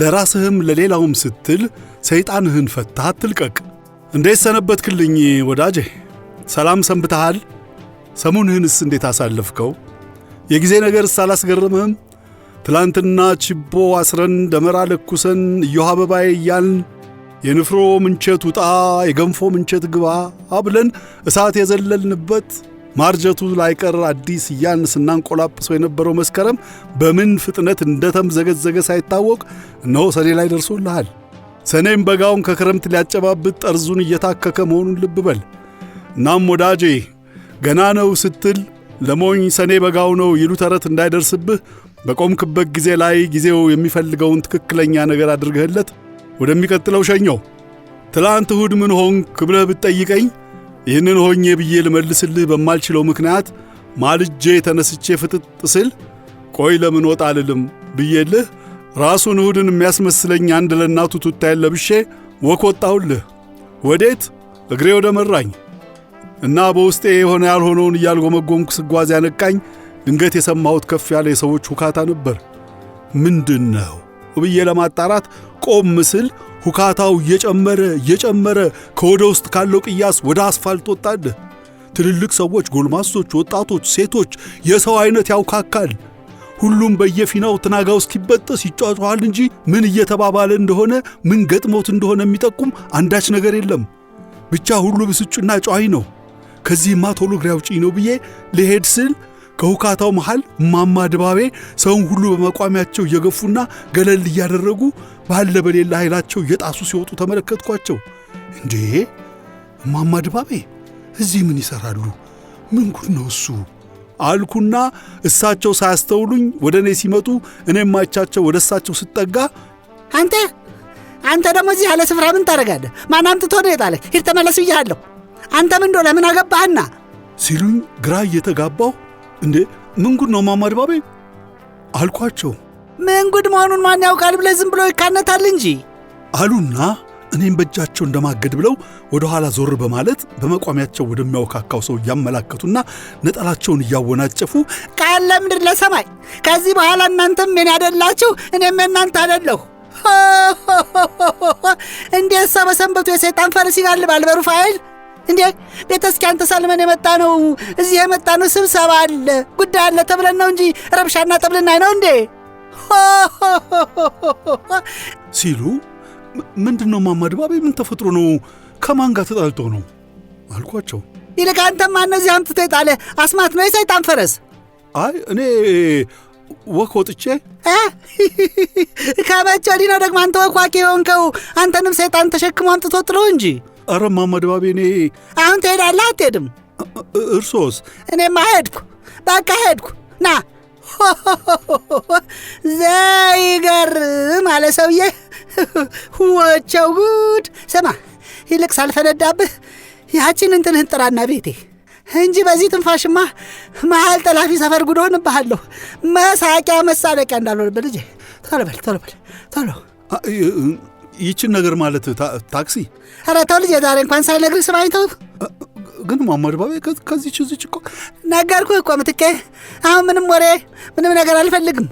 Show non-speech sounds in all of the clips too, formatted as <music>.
ለራስህም ለሌላውም ስትል ሰይጣንህን ፈታ አትልቀቅ። እንዴት ሰነበትክልኝ ወዳጄ? ሰላም ሰንብተሃል? ሰሙንህንስ እንዴት አሳለፍከው? የጊዜ ነገርስ አላስገረምህም? ትላንትና ችቦ አስረን ደመራ ለኩሰን እዮሃ አበባዬ እያልን የንፍሮ ምንቸት ውጣ የገንፎ ምንቸት ግባ አብለን እሳት የዘለልንበት ማርጀቱ ላይቀር አዲስ እያን ስናንቆላጵሰው የነበረው መስከረም በምን ፍጥነት እንደተምዘገዘገ ሳይታወቅ እነሆ ሰኔ ላይ ደርሶልሃል። ሰኔም በጋውን ከክረምት ሊያጨባብጥ ጠርዙን እየታከከ መሆኑን ልብ በል። እናም ወዳጄ ገና ነው ስትል ለሞኝ ሰኔ በጋው ነው ይሉ ተረት እንዳይደርስብህ በቆምክበት ጊዜ ላይ ጊዜው የሚፈልገውን ትክክለኛ ነገር አድርገህለት ወደሚቀጥለው ሸኘው። ትላንት እሁድ ምን ሆንክ ብለህ ብትጠይቀኝ ይህንን ሆኜ ብዬ ልመልስልህ በማልችለው ምክንያት ማልጄ ተነስቼ ፍጥጥ ስል ቆይ ለምን ወጣ አልልም ብዬልህ ራሱን እሁድን የሚያስመስለኝ አንድ ለእናቱ ቱታዬን ለብሼ ወክ ወጣሁልህ። ወዴት? እግሬ ወደ መራኝ እና በውስጤ የሆነ ያልሆነውን እያልጎመጎምኩ ስጓዝ ያነቃኝ ድንገት የሰማሁት ከፍ ያለ የሰዎች ሁካታ ነበር። ምንድን ነው ብዬ ለማጣራት ቆም ምስል ሁካታው እየጨመረ እየጨመረ ከወደ ውስጥ ካለው ቅያስ ወደ አስፋልት ወጣን። ትልልቅ ሰዎች፣ ጎልማሶች፣ ወጣቶች፣ ሴቶች፣ የሰው አይነት ያውካካል። ሁሉም በየፊናው ትናጋው እስኪበጠስ ይጫጫሃል እንጂ ምን እየተባባለ እንደሆነ ምን ገጥሞት እንደሆነ የሚጠቁም አንዳች ነገር የለም። ብቻ ሁሉ ብስጩና ጨዋይ ነው። ከዚህማ ቶሎ ግሪያው ጭኝ ነው ብዬ ልሄድ ስል ከውካታው መሃል እማማ ድባቤ ሰውን ሁሉ በመቋሚያቸው እየገፉና ገለል እያደረጉ ባለ በሌላ ኃይላቸው እየጣሱ ሲወጡ ተመለከትኳቸው። እንዴ እማማ ድባቤ እዚህ ምን ይሠራሉ? ምን ጉድ ነው እሱ አልኩና እሳቸው ሳያስተውሉኝ ወደ እኔ ሲመጡ እኔ አይቻቸው ወደ እሳቸው ስጠጋ አንተ አንተ ደግሞ እዚህ ያለ ስፍራ ምን ታደርጋለህ? ማን አምጥቶ ነው የጣለህ? ሂድ ተመለስ ብያለሁ። አንተ ምን እንደሆነ ምን አገባህና ሲሉኝ ግራ እየተጋባሁ እንዴ ምንጉድ ነው ማማ ድባቤ አልኳቸው። ምንጉድ መሆኑን ማን ያውቃል ብለ ዝም ብሎ ይካነታል እንጂ አሉና እኔም በእጃቸው እንደማገድ ብለው ወደ ኋላ ዞር በማለት በመቋሚያቸው ወደሚያወካካው ሰው እያመላከቱና ነጠላቸውን እያወናጨፉ ቃል ለምድር ለሰማይ ከዚህ በኋላ እናንተም የኔ አደላችሁ እኔም የእናንተ አደለሁ። እንዴት ሰበሰንበቱ የሰይጣን ፈረስ ይጋልባል በሩፋኤል እንዴ ቤተ ክርስቲያን ተሳልመን የመጣ ነው። እዚህ የመጣ ነው ስብሰባ አለ ጉዳይ አለ ተብለን ነው እንጂ ረብሻና ጠብልናይ ነው እንዴ <laughs> ሲሉ ምንድን ነው ድባቤ፣ ምን ተፈጥሮ ነው? ከማን ጋር ተጣልቶ ነው አልኳቸው። ይልቅ አንተማ እነዚህ አምጥቶ የጣለ አስማት ነው የሰይጣን ፈረስ። አይ እኔ ወክ ወጥቼ ከመቼ ወዲህ ነው ደግሞ አንተ ወክ የሆንከው? አንተንም ሰይጣን ተሸክሞ አምጥቶ ጥሎ እንጂ አረ እማማ ድባቤ እኔ አሁን ትሄዳለህ አትሄድም? እርሶስ? እኔማ ሄድኩ፣ በቃ ሄድኩ። ና ዘይገርም አለ ሰውዬ። ወቸው ጉድ! ስማ፣ ይልቅ ሳልፈነዳብህ ያቺን እንትንህን ጥራና ቤቴ እንጂ በዚህ ትንፋሽማ መሀል ጠላፊ ሰፈር ጉድ ሆንብሃለሁ። መሳቂያ መሳለቂያ እንዳልሆንብህ ልጄ፣ ቶሎ በል ቶሎ በል ቶሎ ይችን ነገር ማለት ታክሲ? ኧረ ተው ልጄ፣ እንኳን ሳይነግር ስማኝ። ተው ግን ማማድ ባቤ ከዚች እዚች እኮ ነገርኩ እኮ ምትኬ። አሁን ምንም ወሬ ምንም ነገር አልፈልግም።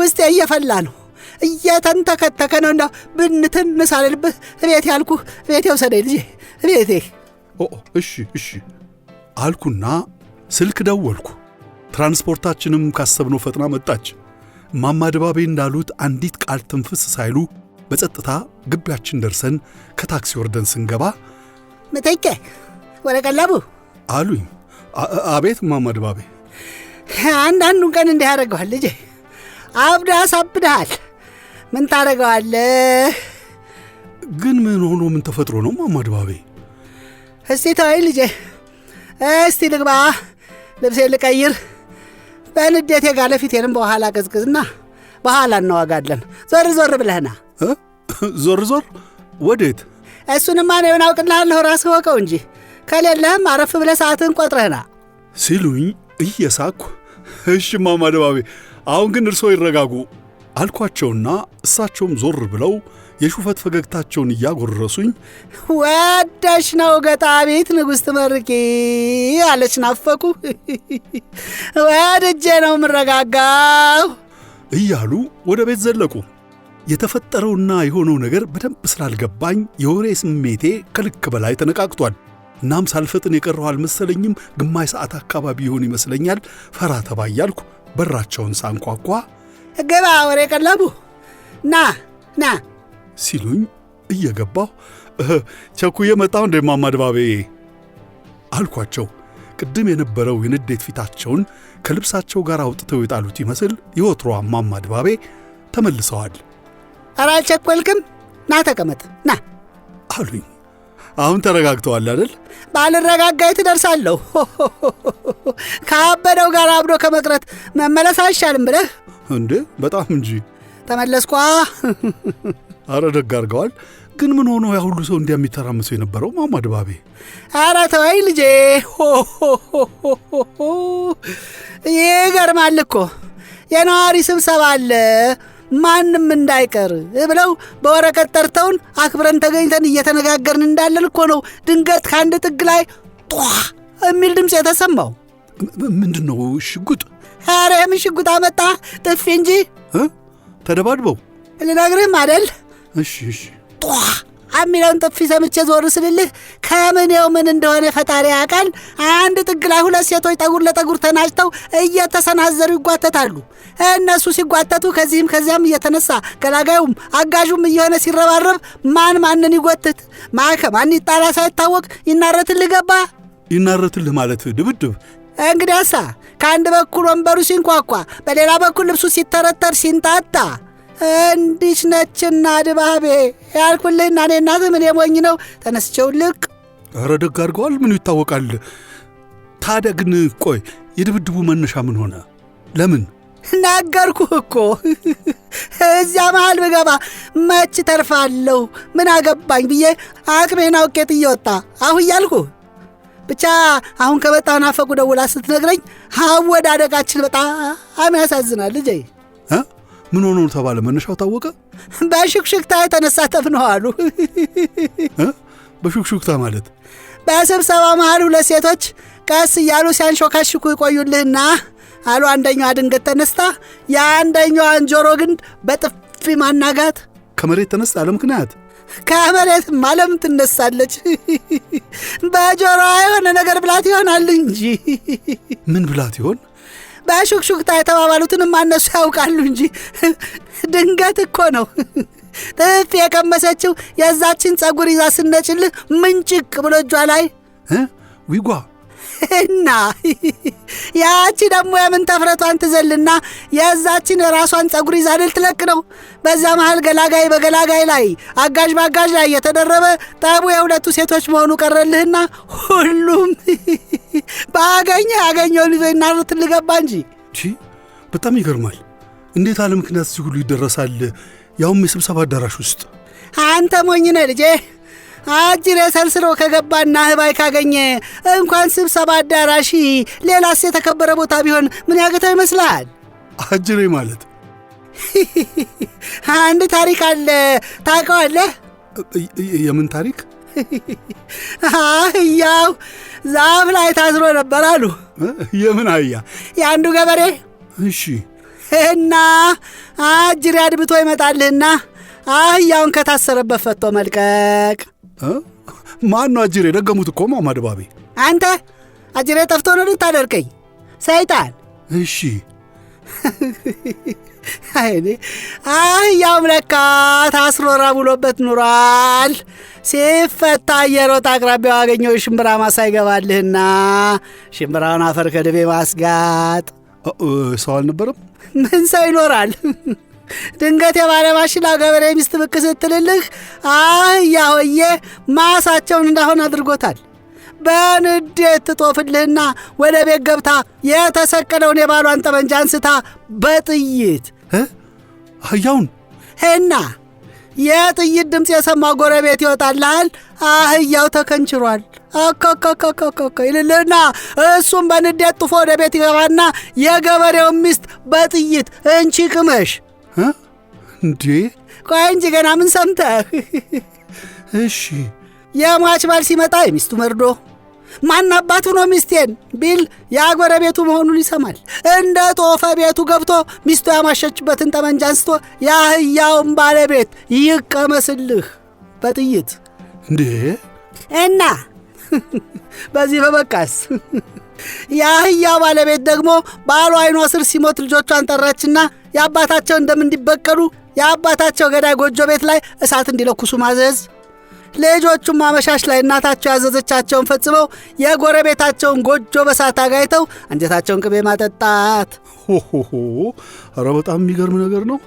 ውስጤ እየፈላ ነው፣ እየተንተከተከ ነው። እንዳው ብንትን አልልብህ እቤት ያልኩ ቤት ውሰደኝ ልጄ፣ እቤቴ። እሺ እሺ አልኩና ስልክ ደወልኩ። ትራንስፖርታችንም ካሰብነው ፈጥና መጣች። ማማድባቤ እንዳሉት አንዲት ቃል ትንፍስ ሳይሉ በጸጥታ ግቢያችን ደርሰን ከታክሲ ወርደን ስንገባ መተይቄ ወረቀላቡ አሉኝ። አቤት እማማ ድባቤ። አንዳንዱን ቀን እንዲህ ያደረገዋል ልጄ፣ አብዳ አሳብደሃል። ምን ታደረገዋለ? ግን ምን ሆኖ ምን ተፈጥሮ ነው እማማ ድባቤ? እስቲ ተወይ ልጄ፣ እስቲ ልግባ፣ ልብሴ ልቀይር። በንዴት የጋለ ፊቴንም በኋላ ቅዝቅዝና በኋላ እናዋጋለን። ዞር ዞር ብለህና ዞር ዞር ወዴት? እሱንማ እኔውን አውቅልሃለሁ፣ ራስህ ወቀው እንጂ ከሌለህም አረፍ ብለህ ሰዓትህን ቆጥረህና ሲሉኝ እየሳኩ እሽማ ማደባቤ፣ አሁን ግን እርስዎ ይረጋጉ አልኳቸውና እሳቸውም ዞር ብለው የሹፈት ፈገግታቸውን እያጎረሱኝ ወደሽ ነው ቤት ንጉሥ ትመርቂ አለች። ናፈቁ ወድጄ ነው የምረጋጋው እያሉ ወደ ቤት ዘለቁ። የተፈጠረውና የሆነው ነገር በደንብ ስላልገባኝ የወሬ ስሜቴ ከልክ በላይ ተነቃቅቷል። እናም ሳልፈጥን የቀረው አልመሰለኝም። ግማሽ ሰዓት አካባቢ ይሆን ይመስለኛል። ፈራ ተባያልኩ በራቸውን ሳንኳኳ ገባ ወሬ ቀለቡ ና ና ሲሉኝ እየገባሁ ቸኩዬ መጣሁ እንደ ማማ ድባቤ አልኳቸው። ቅድም የነበረው የንዴት ፊታቸውን ከልብሳቸው ጋር አውጥተው የጣሉት ይመስል የወትሮ እማማ ድባቤ ተመልሰዋል። ኧረ አልቸኮልክም፣ ና ተቀመጥ፣ ና አሉኝ። አሁን ተረጋግተዋል አይደል? ባልረጋጋ የት እደርሳለሁ? <laughs> ከአበደው ጋር አብዶ ከመቅረት መመለስ አይሻልም ብለህ እንዴ? በጣም እንጂ ተመለስኳ። <laughs> አረ ደግ አርገዋል። ግን ምን ሆኖ ያ ሁሉ ሰው እንዲያ የሚተራምሰው የነበረው ማማ ድባቤ? አረ ተወይ ልጄ፣ <laughs> ይገርማል እኮ የነዋሪ ስብሰባ አለ ማንም እንዳይቀር ብለው በወረቀት ጠርተውን አክብረን ተገኝተን እየተነጋገርን እንዳለን እኮ ነው። ድንገት ከአንድ ጥግ ላይ ጧ የሚል ድምፅ የተሰማው። ምንድን ነው? ሽጉጥ? ኧረ የምን ሽጉጥ አመጣ? ጥፊ እንጂ ተደባድበው ልነግርህም አደል። እሺ እሺ። ጧ የሚለውን ጥፊ ሰምቼ ዞር ስልልህ ከምኔው ምን እንደሆነ ፈጣሪ ያውቃል። አንድ ጥግ ላይ ሁለት ሴቶች ጠጉር ለጠጉር ተናጭተው እየተሰናዘሩ ይጓተታሉ። እነሱ ሲጓተቱ ከዚህም ከዚያም እየተነሳ ገላጋዩም አጋዡም እየሆነ ሲረባረብ ማን ማንን ይጎትት ማከ ማን ይጣላ ሳይታወቅ ይናረትልህ ገባ። ይናረትልህ ማለት ድብድብ እንግዲያሳ ከአንድ በኩል ወንበሩ ሲንኳኳ፣ በሌላ በኩል ልብሱ ሲተረተር ሲንጣጣ እንዲች ነችና ድባቤ ያልኩልህና እኔ እናትህ ምን የሞኝ ነው ተነስቼው ልቅ ኧረ ደግ አድርገዋል። ምኑ ይታወቃል። ታዲያ ግን ቆይ የድብድቡ መነሻ ምን ሆነ? ለምን ነገርኩህ እኮ እዚያ መሃል ብገባ መች ተርፋለሁ፣ ምን አገባኝ ብዬ አቅሜን ውቄት እየወጣ አሁ እያልኩ ብቻ አሁን ከመጣሁ ናፈቁ ደውላ ስትነግረኝ አወዳደቃችን በጣም ያሳዝናል። ልጄ ምን ሆኖ ተባለ? መነሻው ታወቀ? በሽክሽክታ የተነሳ ተፍነው አሉ። ማለት በስብሰባ መሃል ሁለት ሴቶች ቀስ እያሉ ሲያንሾካሽኩ ይቆዩልህና አሉ አንደኛዋ ድንገት ተነስታ የአንደኛዋን ጆሮ ግንድ በጥፊ ማናጋት። ከመሬት ተነስታ አለ ምክንያት ከመሬት ማለም ትነሳለች። በጆሮ የሆነ ነገር ብላት ይሆናል እንጂ ምን ብላት ይሆን? በሹክሹክታ የተባባሉትን ማነሱ ያውቃሉ እንጂ ድንገት እኮ ነው ጥፍ የቀመሰችው። የዛችን ጸጉር ይዛ ስነጭልህ ምንጭቅ ብሎ እጇ ላይ ዊጓ እና <laughs> ያቺ ደግሞ የምን ተፍረቷን ትዘልና የዛችን የራሷን ጸጉር ይዛልል ትለቅ ነው። በዛ መሃል ገላጋይ በገላጋይ ላይ አጋዥ በአጋዥ ላይ የተደረበ ጠቡ የሁለቱ ሴቶች መሆኑ ቀረልህና ሁሉም <laughs> በአገኘ ያገኘውን ይዞ ይናርት ልገባ እንጂ በጣም ይገርማል። እንዴት አለ ምክንያት እዚህ ሁሉ ይደረሳል? ያውም የስብሰባ አዳራሽ ውስጥ። አንተ ሞኝ ነህ ልጄ። አጅሬ ሰልስሎ ከገባና ህባይ ካገኘ እንኳን ስብሰባ አዳራሽ ሌላስ የተከበረ ቦታ ቢሆን ምን ያገተው ይመስላል? አጅሬ ማለት <laughs> አንድ ታሪክ አለ፣ ታውቀዋለህ? የምን ታሪክ? አህያው ዛፍ ላይ ታስሮ ነበር አሉ። የምን አህያ? የአንዱ ገበሬ። እሺ። እና አጅሬ አድብቶ ይመጣልህና አህያውን ከታሰረበት ፈቶ መልቀቅ ማን ነው አጅሬ? ደገሙት እኮ ማማ ድባቤ። አንተ አጅሬ ጠፍቶ ነው ልታደርቀኝ ሰይጣን። እሺ አይኔ አህያውም ለካ ታስሮ ብሎበት ኑሯል። ሲፈታ እየሮጥ አቅራቢያው አገኘው ሽምብራ ማሳ ይገባልህና ሽምብራውን አፈር ከድቤ ማስጋጥ ሰው አልነበረም። ምን ሰው ይኖራል? <laughs> ድንገት የባለማሽላ ገበሬ ሚስት ብቅ ስትልልህ አህያ ሆዬ ማሳቸውን እንዳሆን አድርጎታል። በንዴት ትጦፍልህና ወደ ቤት ገብታ የተሰቀለውን የባሏን ጠመንጃ አንስታ በጥይት አህያውን ሄና የጥይት ድምፅ የሰማ ጎረቤት ይወጣልሃል። አህያው ተከንችሯል። አካካካካካ ይልልህና እሱም በንዴት ጥፎ ወደ ቤት ይገባና የገበሬውን ሚስት በጥይት እንቺ ቅመሽ እንዴ ቆይ እንጂ ገና ምን ሰምተህ? እሺ የሟች ባል ሲመጣ የሚስቱ መርዶ ማን አባቱ ነው ሚስቴን ቢል የአጎረቤቱ መሆኑን ይሰማል። እንደ ጦፈ ቤቱ ገብቶ ሚስቱ ያማሸችበትን ጠመንጃ አንስቶ የአህያውን ባለቤት ይቀመስልህ በጥይት እንዴ እና በዚህ በበቃስ የአህያ ባለቤት ደግሞ ባሏ አይኗ ስር ሲሞት ልጆቿን ጠራችና የአባታቸው እንደም እንዲበቀሉ የአባታቸው ገዳይ ጎጆ ቤት ላይ እሳት እንዲለኩሱ ማዘዝ። ልጆቹም አመሻሽ ላይ እናታቸው ያዘዘቻቸውን ፈጽመው የጎረቤታቸውን ጎጆ በሳት አጋይተው አንጀታቸውን ቅቤ ማጠጣት። ሆሆሆ! ኧረ በጣም የሚገርም ነገር ነው።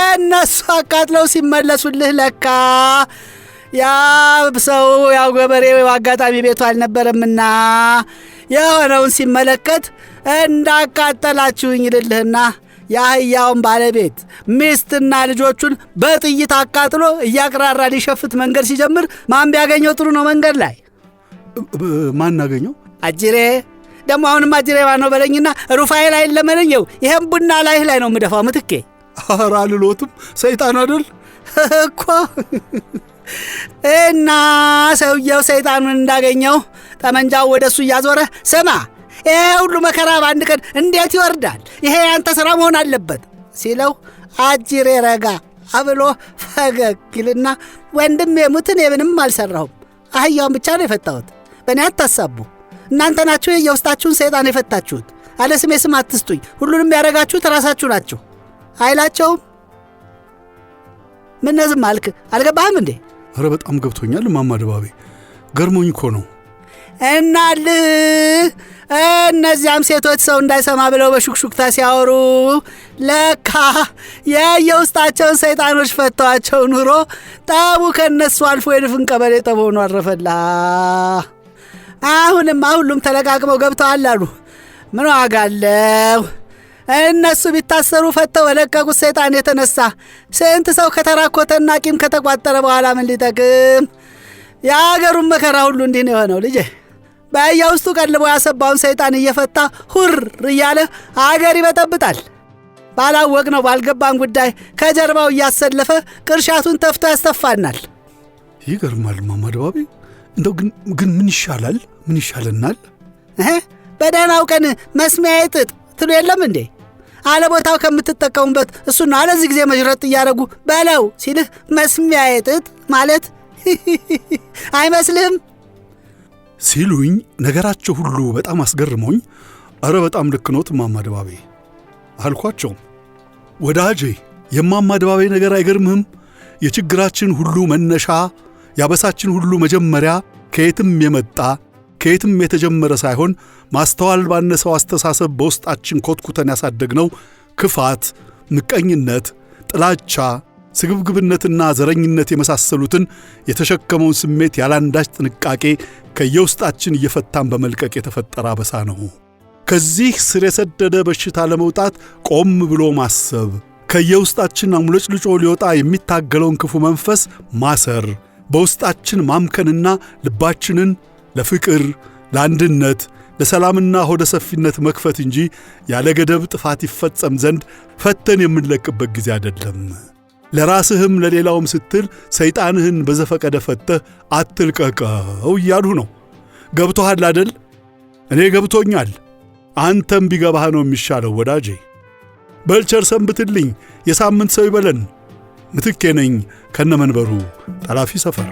እነሱ አቃጥለው ሲመለሱልህ ለካ ያ ሰው ያው ገበሬ አጋጣሚ ቤቱ አልነበረምና የሆነውን ሲመለከት እንዳቃጠላችሁኝ ልልህና የአህያውን ባለቤት ሚስትና ልጆቹን በጥይት አቃጥሎ እያቅራራ ሊሸፍት መንገድ ሲጀምር ማን ቢያገኘው ጥሩ ነው? መንገድ ላይ ማን አገኘው? አጅሬ ደግሞ አሁንም አጅሬ ማነው በለኝና ሩፋኤ ላይ ለመለኘው ይህም ቡና ላይህ ላይ ነው የምደፋው ምትኬ። ኧረ አልሎትም ሰይጣን አይደል እኮ እና ሰውየው ሰይጣኑን እንዳገኘው ጠመንጃው ወደ እሱ እያዞረ ስማ፣ ይሄ ሁሉ መከራ በአንድ ቀን እንዴት ይወርዳል? ይሄ ያንተ ሥራ መሆን አለበት ሲለው አጅሬ ረጋ አብሎ ፈገግ ይልና ወንድም የሙትን የምንም አልሠራሁም፣ አህያውን ብቻ ነው የፈታሁት። በእኔ አታሳቡ። እናንተ ናችሁ የውስጣችሁን ሰይጣን የፈታችሁት። አለ ስሜ ስም አትስጡኝ፣ ሁሉንም ያደረጋችሁት ራሳችሁ ናችሁ አይላቸውም። ምነዝም አልክ? አልገባህም እንዴ? አረ በጣም ገብቶኛል ማማ ድባቤ፣ ገርሞኝ እኮ ነው። እናልህ እነዚያም ሴቶች ሰው እንዳይሰማ ብለው በሹክሹክታ ሲያወሩ ለካ የየውስጣቸውን ሰይጣኖች ፈተዋቸው ኑሮ ጠቡ ከእነሱ አልፎ የድፍን ቀበሌ ጠብ ሆኖ አረፈላ። አሁንማ ሁሉም ተለቃቅመው ገብተዋል አሉ። ምን ዋጋ አለው? እነሱ ቢታሰሩ ፈተው በለቀቁት ሰይጣን የተነሳ ስንት ሰው ከተራኮተና ቂም ከተቋጠረ በኋላ ምን ሊጠቅም? የአገሩን መከራ ሁሉ እንዲህ ነው የሆነው ልጄ። በእያ ውስጡ ቀልቦ ያሰባውን ሰይጣን እየፈታ ሁር እያለ አገር ይበጠብጣል። ባላወቅ ነው ባልገባን ጉዳይ ከጀርባው እያሰለፈ ቅርሻቱን ተፍቶ ያስተፋናል። ይገርማል። ማማ ደባቤ፣ እንደው ግን ምን ይሻላል? ምን ይሻለናል? በደህናው ቀን መስሚያ ጥጥ ትሉ የለም እንዴ? አለቦታው ከምትጠቀሙበት እሱን አለዚህ ጊዜ መዥረጥ እያደረጉ በለው ሲልህ መስሚያ ጥጥ ማለት <laughs> አይመስልህም? ሲሉኝ ነገራቸው ሁሉ በጣም አስገርሞኝ አረ በጣም ልክ ኖት እማማ ድባቤ አልኳቸውም። ወዳጄ የእማማ ድባቤ ነገር አይገርምህም? የችግራችን ሁሉ መነሻ ያበሳችን ሁሉ መጀመሪያ ከየትም የመጣ ከየትም የተጀመረ ሳይሆን ማስተዋል ባነሰው አስተሳሰብ በውስጣችን ኮትኩተን ያሳደግነው ክፋት፣ ምቀኝነት፣ ጥላቻ፣ ስግብግብነትና ዘረኝነት የመሳሰሉትን የተሸከመውን ስሜት ያላንዳች ጥንቃቄ ከየውስጣችን እየፈታን በመልቀቅ የተፈጠረ አበሳ ነው። ከዚህ ስር የሰደደ በሽታ ለመውጣት ቆም ብሎ ማሰብ፣ ከየውስጣችን አሙለጭልጮ ሊወጣ የሚታገለውን ክፉ መንፈስ ማሰር፣ በውስጣችን ማምከንና ልባችንን ለፍቅር፣ ለአንድነት፣ ለሰላምና ሆደ ሰፊነት መክፈት እንጂ ያለ ገደብ ጥፋት ይፈጸም ዘንድ ፈተን የምንለቅበት ጊዜ አይደለም። ለራስህም ለሌላውም ስትል ሰይጣንህን በዘፈቀደ ፈተህ አትልቀቀው እያሉ ነው። ገብቶሃል አደል? እኔ ገብቶኛል። አንተም ቢገባህ ነው የሚሻለው ወዳጄ። በልቸር ሰንብትልኝ። የሳምንት ሰው ይበለን። ምትኬ ነኝ ከነመንበሩ ጠላፊ ሰፈር